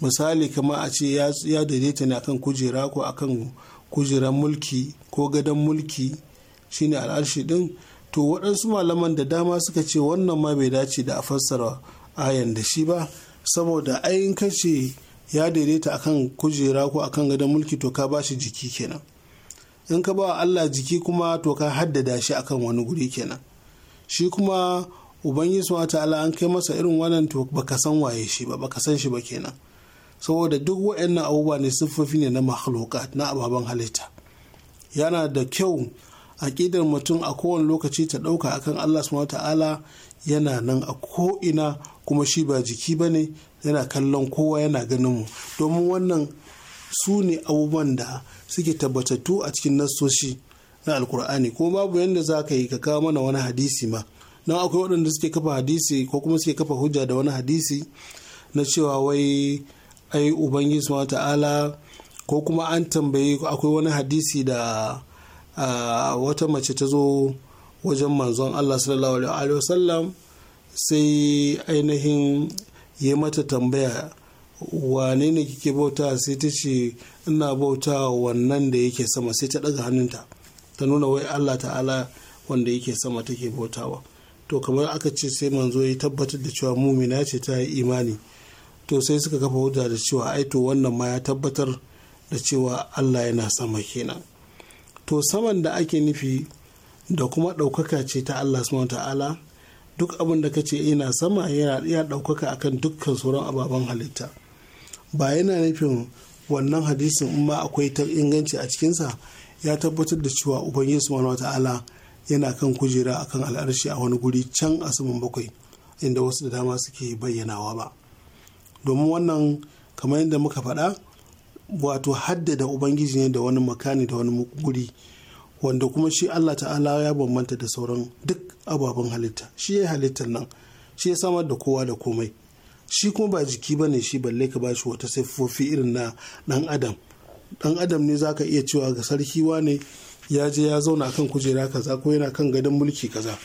misali kama a ce ya daidaita ne akan kujera ko akan kujeran mulki ko gadon mulki shine al'arshi din to waɗansu malaman da dama suka ce wannan ma bai dace da a fassara ayan da shi ba saboda ayin kace ya daidaita akan kujera ko akan gadon mulki to ka bashi jiki kenan in ka ba Allah jiki kuma to ka haddada shi akan wani guri kenan shi kuma ubangiji wata ta'ala an kai masa irin wannan to baka san waye shi ba baka san shi ba kenan saboda duk waɗannan abubuwa ne siffofi ne na mahaluka na ababen halitta yana da kyau aƙidar mutum a kowane lokaci ta ɗauka akan Allah subhanahu ta'ala yana nan a ko'ina kuma shi ba jiki ba ne yana kallon kowa yana ganin mu domin wannan su ne abubuwan da suke tabbatattu a cikin nassoshi na alkur'ani ko babu yadda za ka yi ka kawo mana wani hadisi ma don akwai waɗanda suke kafa hadisi ko kuma suke kafa hujja da wani hadisi na cewa wai ai ubangiji subhanahu ta'ala ko kuma an tambaye akwai wani hadisi da wata mace ta zo wajen manzon Allah sallallahu alaihi wasallam sai ainihin yi mata tambaya wane ne kike bauta sai ta ce ina bauta wannan da yake sama sai ta daga hannunta ta nuna wai Allah ta'ala wanda yake sama take bautawa to kamar aka ce sai manzo ya tabbatar da cewa mumina ce ta yi imani to sai suka kafa hujja da cewa ai to wannan ma ya tabbatar da cewa Allah yana sama kenan to saman da ake nufi da kuma ɗaukaka ce ta Allah subhanahu ta'ala duk abin da kace ina sama yana iya ɗaukaka akan dukkan sauran ababen halitta ba yana nufin wannan hadisin in ma akwai ta inganci a cikinsa ya tabbatar da cewa ubangiji subhanahu ta'ala yana kan kujera akan al'arshi a wani guri can a saman bakwai inda wasu da dama suke bayyanawa ba domin wannan kamar yadda muka faɗa wato haddada ubangiji ne da wani makani da wani guri wanda kuma shi allah ta'ala ya bambanta da sauran duk ababen halitta shi ya halitta nan shi ya samar da kowa da komai shi kuma ba jiki ba ne shi balle ka ba shi wata siffofi irin na dan adam dan adam ne zaka iya cewa ga sarki wane ya je ya zauna kan kujera kaza ko yana kan gadon mulki kaza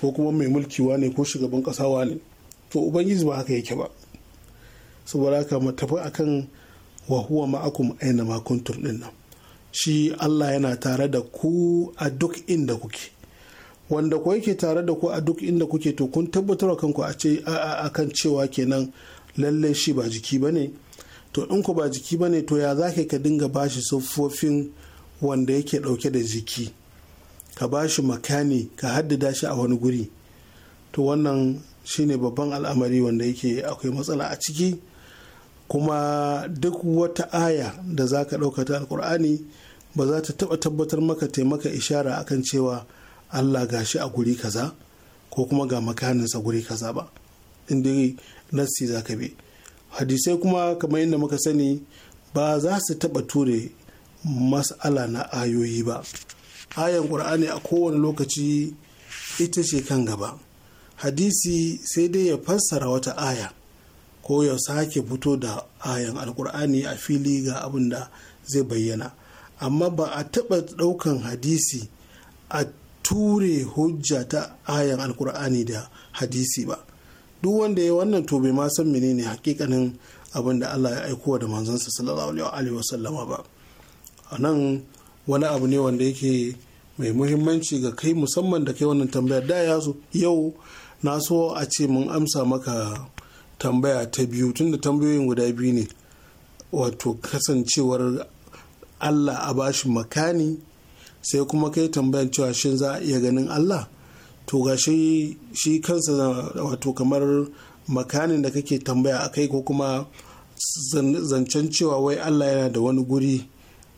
ko kuma mai mulki wane ko shugaban kasa wane to ubangiji ba haka yake ba saboda haka tafi akan wa huwa ma'akum aina ma kuntum din shi Allah yana tare da ku a duk inda kuke wanda ko yake tare da ku a duk inda kuke to kun tabbatar kanku a ce a kan cewa kenan lalle shi ba jiki bane to in ku ba jiki bane to ya zaka ka dinga bashi siffofin wanda yake dauke da jiki ka bashi makani ka haddada shi a wani guri to wannan shine babban al'amari wanda yake akwai matsala a ciki kuma duk wata aya da za ka ɗauka ta alkur'ani ba za ta taɓa tabbatar maka taimaka ishara akan cewa allah ga shi a guri kaza ko kuma ga makaninsa guri kaza ba inda nassi za ka bi hadisai kuma kamar yadda muka sani ba za su taɓa ture mas'ala na ayoyi ba ayan ƙur'ani a kowane lokaci ita ce kan gaba hadisi sai dai ya fassara wata aya ko ya sake fito da ayan alkur'ani a fili ga abin da zai bayyana amma ba a taɓa ɗaukan hadisi a ture hujja ta ayan alkur'ani da hadisi ba duk wanda ya wannan to bai ma san menene hakikanin abin da Allah ya aiko da manzansa sallallahu alaihi wasallama ba a nan wani abu ne wanda yake mai muhimmanci ga kai musamman da kai wannan tambayar da ya yau na so a ce mun amsa maka tambaya ta biyu tun da tambayoyin guda biyu ne wato kasancewar allah a bashi makani sai kuma kai tambayan cewa shin za a iya ganin allah to ga shi kansa wato kamar makanin da kake tambaya a kai ko kuma zancen cewa wai allah yana da wani guri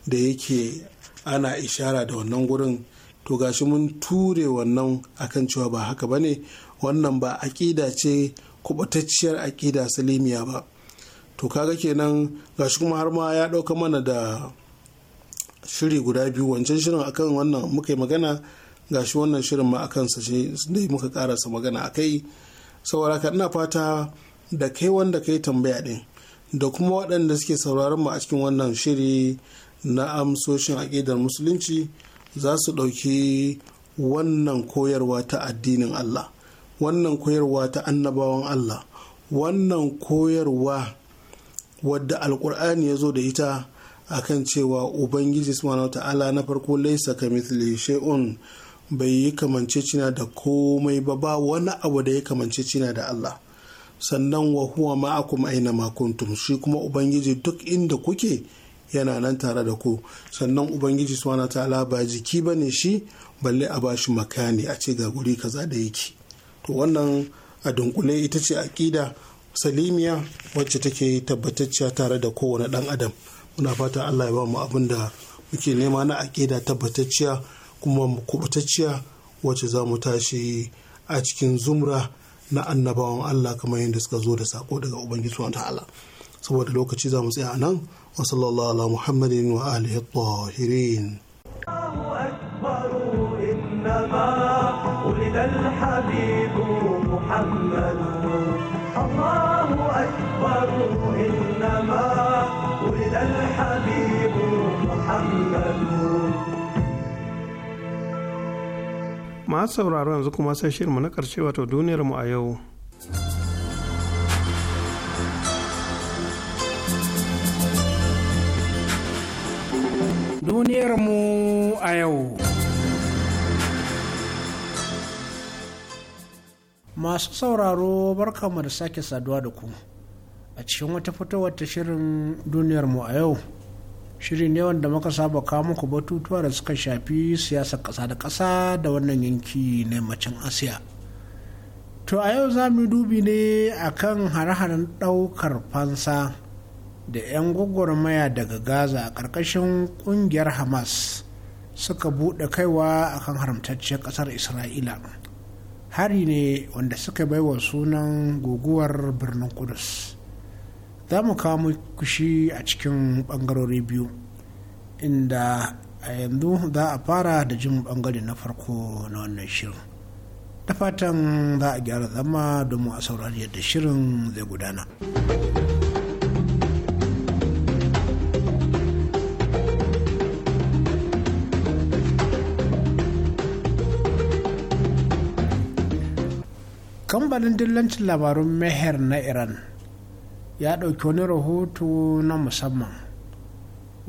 da yake ana ishara da wannan gurin to ga shi mun ture wannan akan cewa ba haka ba ne wannan ba aƙida ce kubatacciyar aƙida salimiya ba to kaga kenan gashi kuma har ma ya ɗauka mana da shiri guda biyu wancan shirin akan wannan muka yi magana gashi wannan shirin ma akan sa da muka karasa magana a kai saboda ka ina fata da kai wanda kai tambaya ɗin da kuma waɗanda suke sauraron mu a cikin wannan shiri na amsoshin aƙidar musulunci za su ɗauki wannan koyarwa ta addinin Allah wannan koyarwa ta annabawan Allah wannan koyarwa wadda alkur'ani ya zo da ita a kan cewa ubangiji subhanahu ta'ala na farko laisa ka mithli shay'un bai yi kamance cina da komai ba ba wani abu da ya kamance cina da Allah sannan wa huwa ma'akum aina ma kuntum shi kuma ubangiji duk inda kuke yana nan tare da ku sannan ubangiji subhanahu ta'ala ba jiki bane shi balle a bashi makani a ce ga guri kaza da yake to wannan a dunkule ita ce aƙida salimiya wacce take tabbatacciya tare da kowane ɗan adam muna fata allah ya ba mu abin da muke nema na aƙida tabbatacciya kuma kubutacciya wacce za mu tashi a cikin zumra na annabawan allah kamar yadda suka zo da sako daga ubangiji wa ta'ala saboda lokaci za mu tsaya a nan wa sallallahu ala muhammadin wa alihi tahirin الحبيب محمد الله أكبر إنما ولد الحبيب محمد masu sauraro yanzu kuma sai shirma na ƙarshe wato duniyarmu a yau duniyarmu a yau masu sauraro barkamu da sake saduwa da ku a cikin wata fitowar wata shirin duniyar mu a yau shirin ne wanda muka saba kawo muku batutuwa da suka shafi siyasar ƙasa da ƙasa da wannan yanki na yammacin asiya to a yau za mu dubi ne akan hare-haren ɗaukar fansa da 'yan gwagwarmaya daga gaza a ƙarƙashin ƙungiyar hamas suka buɗe kaiwa akan haramtacciyar ƙasar isra'ila hari ne wanda suka baiwa sunan guguwar birnin kudus za mu kawo kushi a cikin bangarori biyu inda a yanzu za a fara da jin bangare na farko na wannan shirin ta fatan za a gyara zama domin a saurari yadda shirin zai gudana. kamfanin dillancin labarun meher na iran ya ɗauki wani rahoto na musamman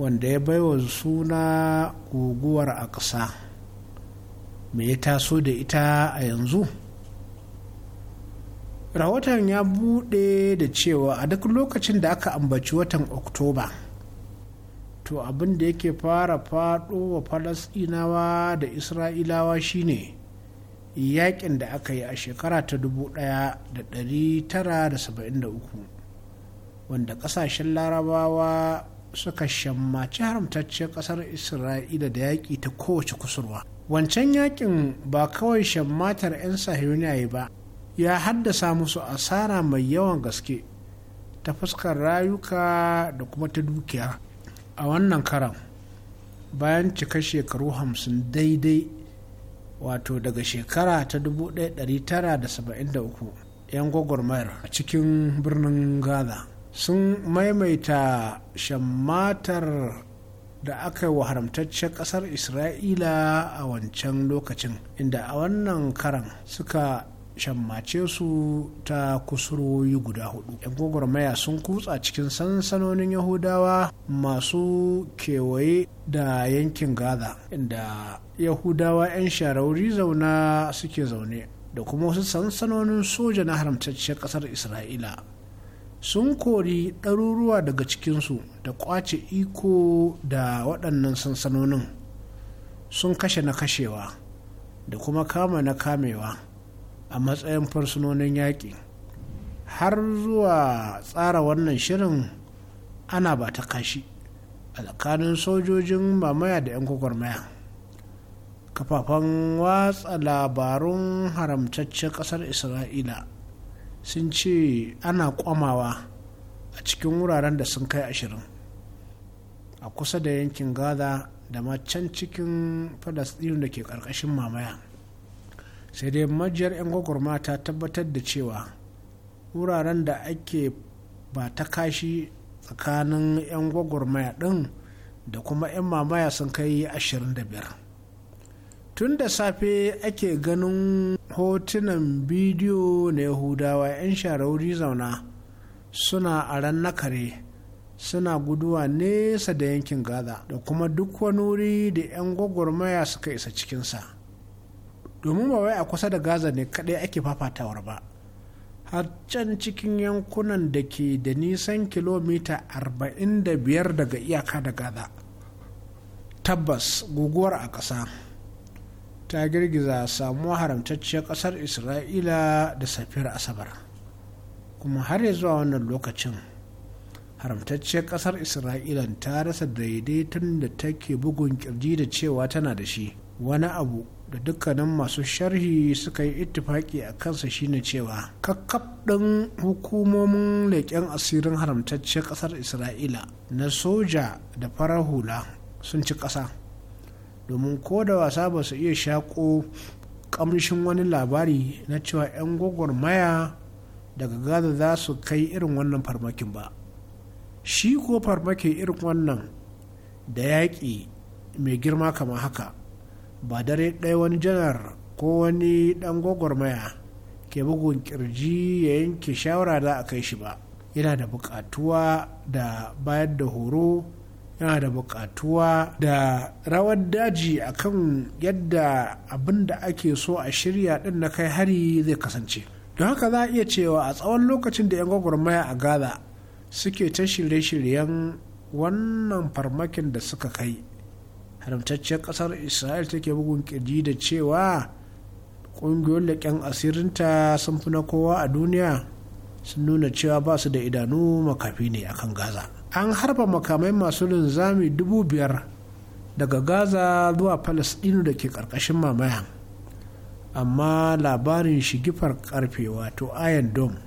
wanda ya baiwa suna guguwar a ƙasa me ya taso da ita a yanzu rahoton ya buɗe da cewa a duk lokacin da aka ambaci watan oktoba to abin da yake fara faɗo wa falasɗinawa da isra'ilawa shine yakin da aka yi a shekara ta 1973 wanda kasashen larabawa suka shammaci haramtacciyar kasar isra'ila da yaƙi ta kowace kusurwa wancan yakin ba kawai shammatar 'yan yi ba ya haddasa musu asara mai yawan gaske ta fuskar rayuka da kuma ta dukiya a wannan karan bayan cika shekaru hamsin daidai wato daga shekara ta 1973 'yan gwagwarmayar a cikin birnin gaza sun maimaita shammatar da aka yi wa haramtaccen ƙasar isra'ila a wancan lokacin inda a wannan karan suka shammace su ta kusurwoyi guda hudu. 'Yan gwagwarmaya sun kutsa cikin sansanonin Yahudawa masu kewaye da yankin Gaza, inda Yahudawa 'yan sharauri zauna suke zaune, da kuma wasu sansanonin soja na haramtacciyar ƙasar Isra'ila. Sun kori ɗaruruwa daga cikinsu da ƙwace iko da waɗannan sansanonin. Sun kashe na kashewa da kuma kama na kamewa. a matsayin fursunonin yaƙi har zuwa tsara wannan shirin ana ba ta kashi a tsakanin sojojin mamaya da 'yan gwagwarmaya kafafen watsa labarun haramtaccen ƙasar isra'ila sun ce ana kwamawa a cikin wuraren da sun kai ashirin a kusa da yankin gaza da macen cikin falasɗinu da ke ƙarƙashin mamaya sai dai majiyar 'yan gwagwarma ta tabbatar da cewa wuraren da ake ba ta kashi tsakanin 'yan gwagwarmaya ɗin da kuma 'yan mamaya sun kai 25 tun da safe ake ganin hotunan bidiyo na yahudawa 'yan sharauri zauna suna a ran nakare suna guduwa nesa da yankin gaza da kuma duk wani wuri da 'yan gwagwarmaya suka isa cikinsa domin ba wai a kusa da gaza ne kadai ake fafatawar ba har can cikin yankunan da ke da nisan kilomita 45 daga iyaka da gaza tabbas guguwar a ƙasa ta girgiza samuwa haramtacciyar ƙasar isra'ila da safiyar asabar kuma har ya zuwa wannan lokacin haramtacciyar ƙasar isra'ila ta rasa daidaiton da take bugun kirji da cewa tana da shi wani abu da dukkanin masu sharhi suka yi ittifaki a kansa shine cewa kakkaf ɗin hukumomin leƙen asirin haramtaccen ƙasar isra'ila na soja da farar hula sun ci ƙasa domin ko da wasa ba su iya shaƙo ƙamshin wani labari na cewa 'yan gwagwarmaya daga gaza za su kai irin wannan farmakin ba shi ko farmakin irin wannan da yaƙi mai girma kamar haka ba dare ɗaya wani janar ko wani ɗan gwagwarmaya ke bugun kirji ya yanke shawara za a kai shi ba yana da buƙatuwa da bayar da horo yana da buƙatuwa da rawar daji akan yadda abin da ake so a shirya ɗin na kai hari zai kasance don haka za a iya cewa a tsawon lokacin da 'yan gwagwarmaya a gaza suke ta shirye-shiryen wannan farmakin da suka kai haramtacciyar kasar isra'il take bugun kirji da cewa ƙungiyoyin leƙen asirinta sun fi na kowa a duniya sun nuna cewa ba su da idanu makafi ne akan gaza an harba makamai masu linzami dubu biyar daga gaza zuwa falasɗinu da ke karkashin mamaya amma labarin shigifar karfe wato iron dome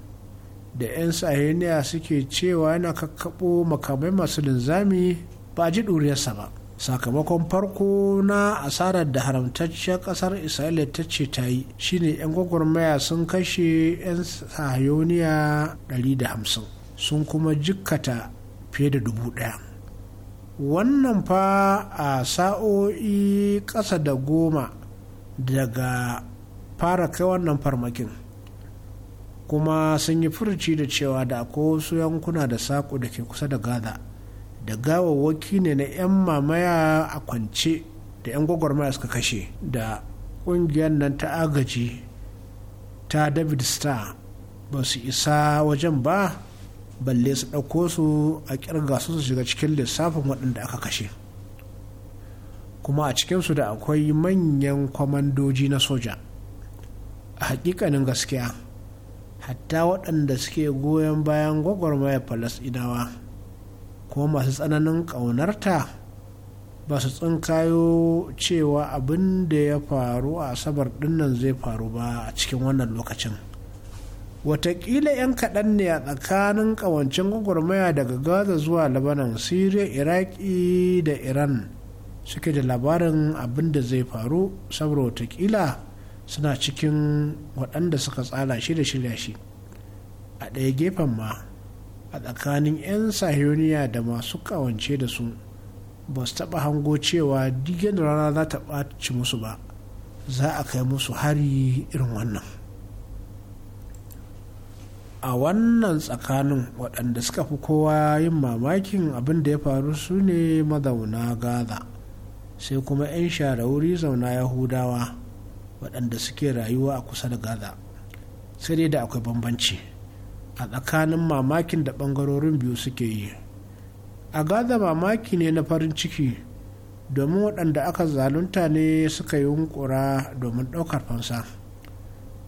da 'yan sahiniya suke cewa yana kakkaɓo makamai masu linzami ba a ji ɗuriyarsa ba sakamakon farko na asarar da haramtacciyar kasar isra'ila ta ce ta yi shine 'yan gwagwarmaya sun kashe 'yan sahayoniya 150 sun kuma jikkata fiye da dubu daya wannan fa a sa'o'i ƙasa da goma daga fara kai wannan farmakin kuma sun yi furci da cewa da akwai wasu yankuna da saƙo da ke kusa da gaza da gawawwaki ne na 'yan mamaya a kwance da 'yan gwagwarmaya suka kashe da ƙungiyar nan ta agaji ta david star ba su isa wajen ba balle su ɗauko su a ƙirga su su shiga cikin lissafin waɗanda aka kashe kuma a cikinsu da akwai manyan kwamandoji na soja a hakikanin gaskiya hatta waɗanda suke goyon bayan gwagwarmaya falasɗinawa kuma masu tsananin ƙaunarta ba su tsinkayo cewa abin da ya faru a asabar dinnan zai faru ba a cikin wannan lokacin watakila 'yan kaɗan ne a tsakanin ƙawancin gwagwarmaya daga gaza zuwa labanan syria iraki da iran suke da labarin abin da zai faru saboda watakila suna cikin waɗanda suka tsala shi da shirya shi a ɗaya gefen ma a tsakanin 'yan sahiyoniya da masu kawance da su ba su taɓa hango cewa digen rana za ta ɓaci musu ba za a kai musu hari irin wannan a wannan tsakanin waɗanda suka fi kowa yin mamakin abin da ya faru su ne mazauna gaza sai kuma 'yan shara wuri zauna yahudawa waɗanda suke rayuwa a kusa da gaza sai dai da akwai bambanci a tsakanin mamakin da ɓangarorin biyu suke yi a gaza mamaki ne na farin ciki domin waɗanda aka zalunta ne suka yi hunkura domin ɗaukar fansa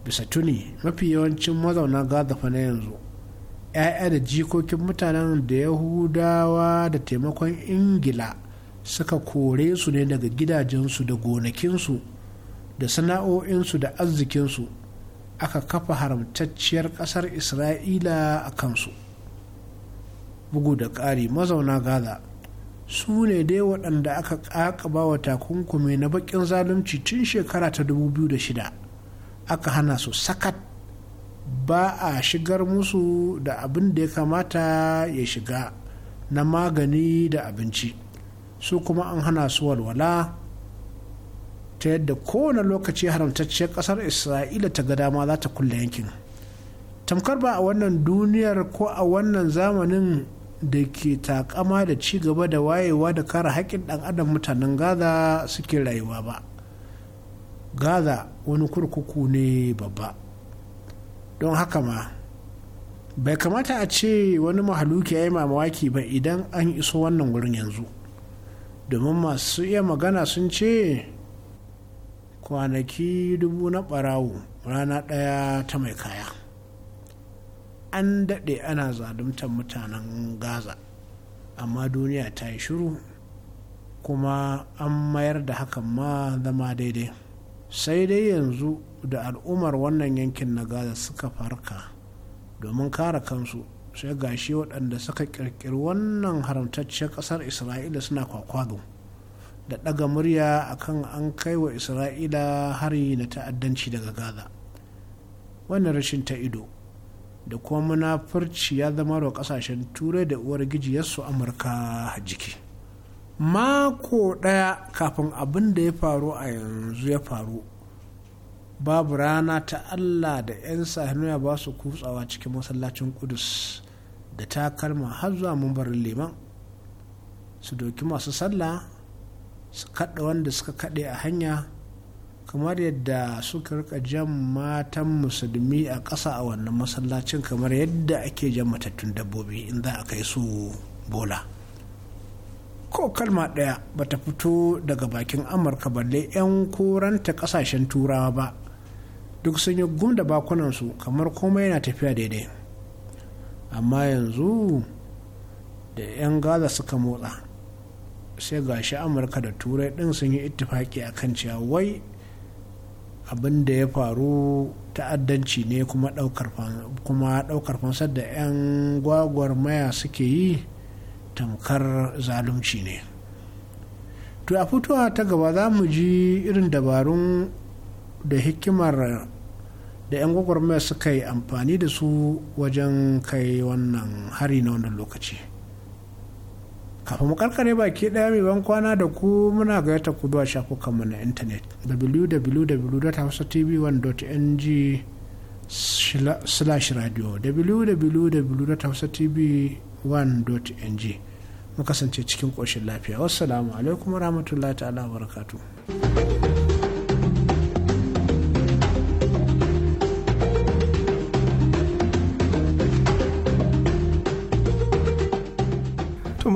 bisa tuni mafi yawancin mazauna gaza fa na yanzu 'ya'ya da jikokin mutanen da yahudawa da taimakon ingila suka kore su ne daga gidajensu da gonakinsu da sana'o'insu da arzikinsu aka kafa haramtacciyar ƙasar isra'ila a kansu bugu da ƙari mazauna gaza su ne dai waɗanda aka ƙaƙaba wa takunkumi na baƙin zalunci tun shekara ta 2006 aka hana su sakat ba a shigar musu da abin da ya kamata ya shiga na magani da abinci su kuma an hana su walwala ta yadda kowane lokaci haramtacciyar kasar isra'ila ta ga dama za ta kulle yankin tamkar ba a wannan duniyar ko a wannan zamanin da ke takama da ci gaba da wayewa da kare haƙƙin ɗan adam mutanen gaza suke rayuwa ba gaza wani kurkuku ne babba don haka ma bai kamata a ce wani mahaluki ya yi mamaki ba idan an iso wannan wurin yanzu domin masu iya magana sun ce kwanaki dubu na ɓarawo rana ɗaya ta mai kaya an daɗe ana zaluntar mutanen gaza amma duniya ta yi shiru kuma an mayar da hakan ma zama daidai sai dai yanzu da al'ummar wannan yankin na gaza suka farka domin kare kansu sai gashi waɗanda suka ƙirƙiri wannan haramtacciyar ƙasar isra'ila suna kwakwado da ɗaga murya a kan an kai wa isra'ila hari na ta'addanci daga gaza wannan rashin ta ido da kuma munafurci ya zama wa ƙasashen turai da uwar gijiyarsu amurka jiki mako ɗaya kafin abin da ya faru a yanzu ya faru babu rana ta allah da 'yan sahiniya ba su kutsawa cikin masallacin kudus da takalma har zuwa mambarin liman su doki masu sallah su kaɗa wanda suka kaɗe a hanya kamar yadda suka rika jan matan musulmi a ƙasa a wannan masallacin kamar yadda ake jan matattun dabbobi in za a kai su bola ko kalma ɗaya ba ta fito daga bakin amurka balle 'yan koranta ƙasashen turawa ba duk sun yi gum da bakunansu kamar komai yana tafiya daidai amma yanzu da 'yan gaza suka motsa sai gashi amurka da turai din sun yi ittifaki a kan cewa wai abin da ya faru ta'addanci ne kuma daukar fansar da 'yan gwagwarmaya suke yi tamkar zalunci ne to a fitowa ta gaba za mu ji irin dabarun da hikimar da 'yan gwagwarmaya suka yi amfani da su wajen kai wannan hari na wannan lokaci kafin mu karkare baki daya mai ban kwana da ku muna gayyata ku zuwa mu na intanet www.hausatv1.ng slash radio www.hausatv1.ng mu kasance cikin koshin lafiya wassalamu alaikum warahmatullahi ta'ala barakatu.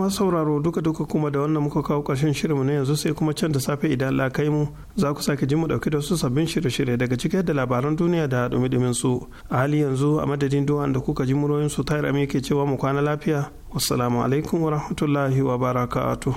masu sauraro duka duka kuma da wannan muka kawo ƙarshen shirinmu na yanzu sai kuma can da safe idan Allah kai mu za ku sake ji mu dauki da su sabbin shirye-shirye daga cikin da labaran duniya da dumi-dumin su a hali yanzu a madadin duwan da kuka ji muroyin su tayar ke cewa mu kwana lafiya wassalamu alaikum wa rahmatullahi wa barakatuh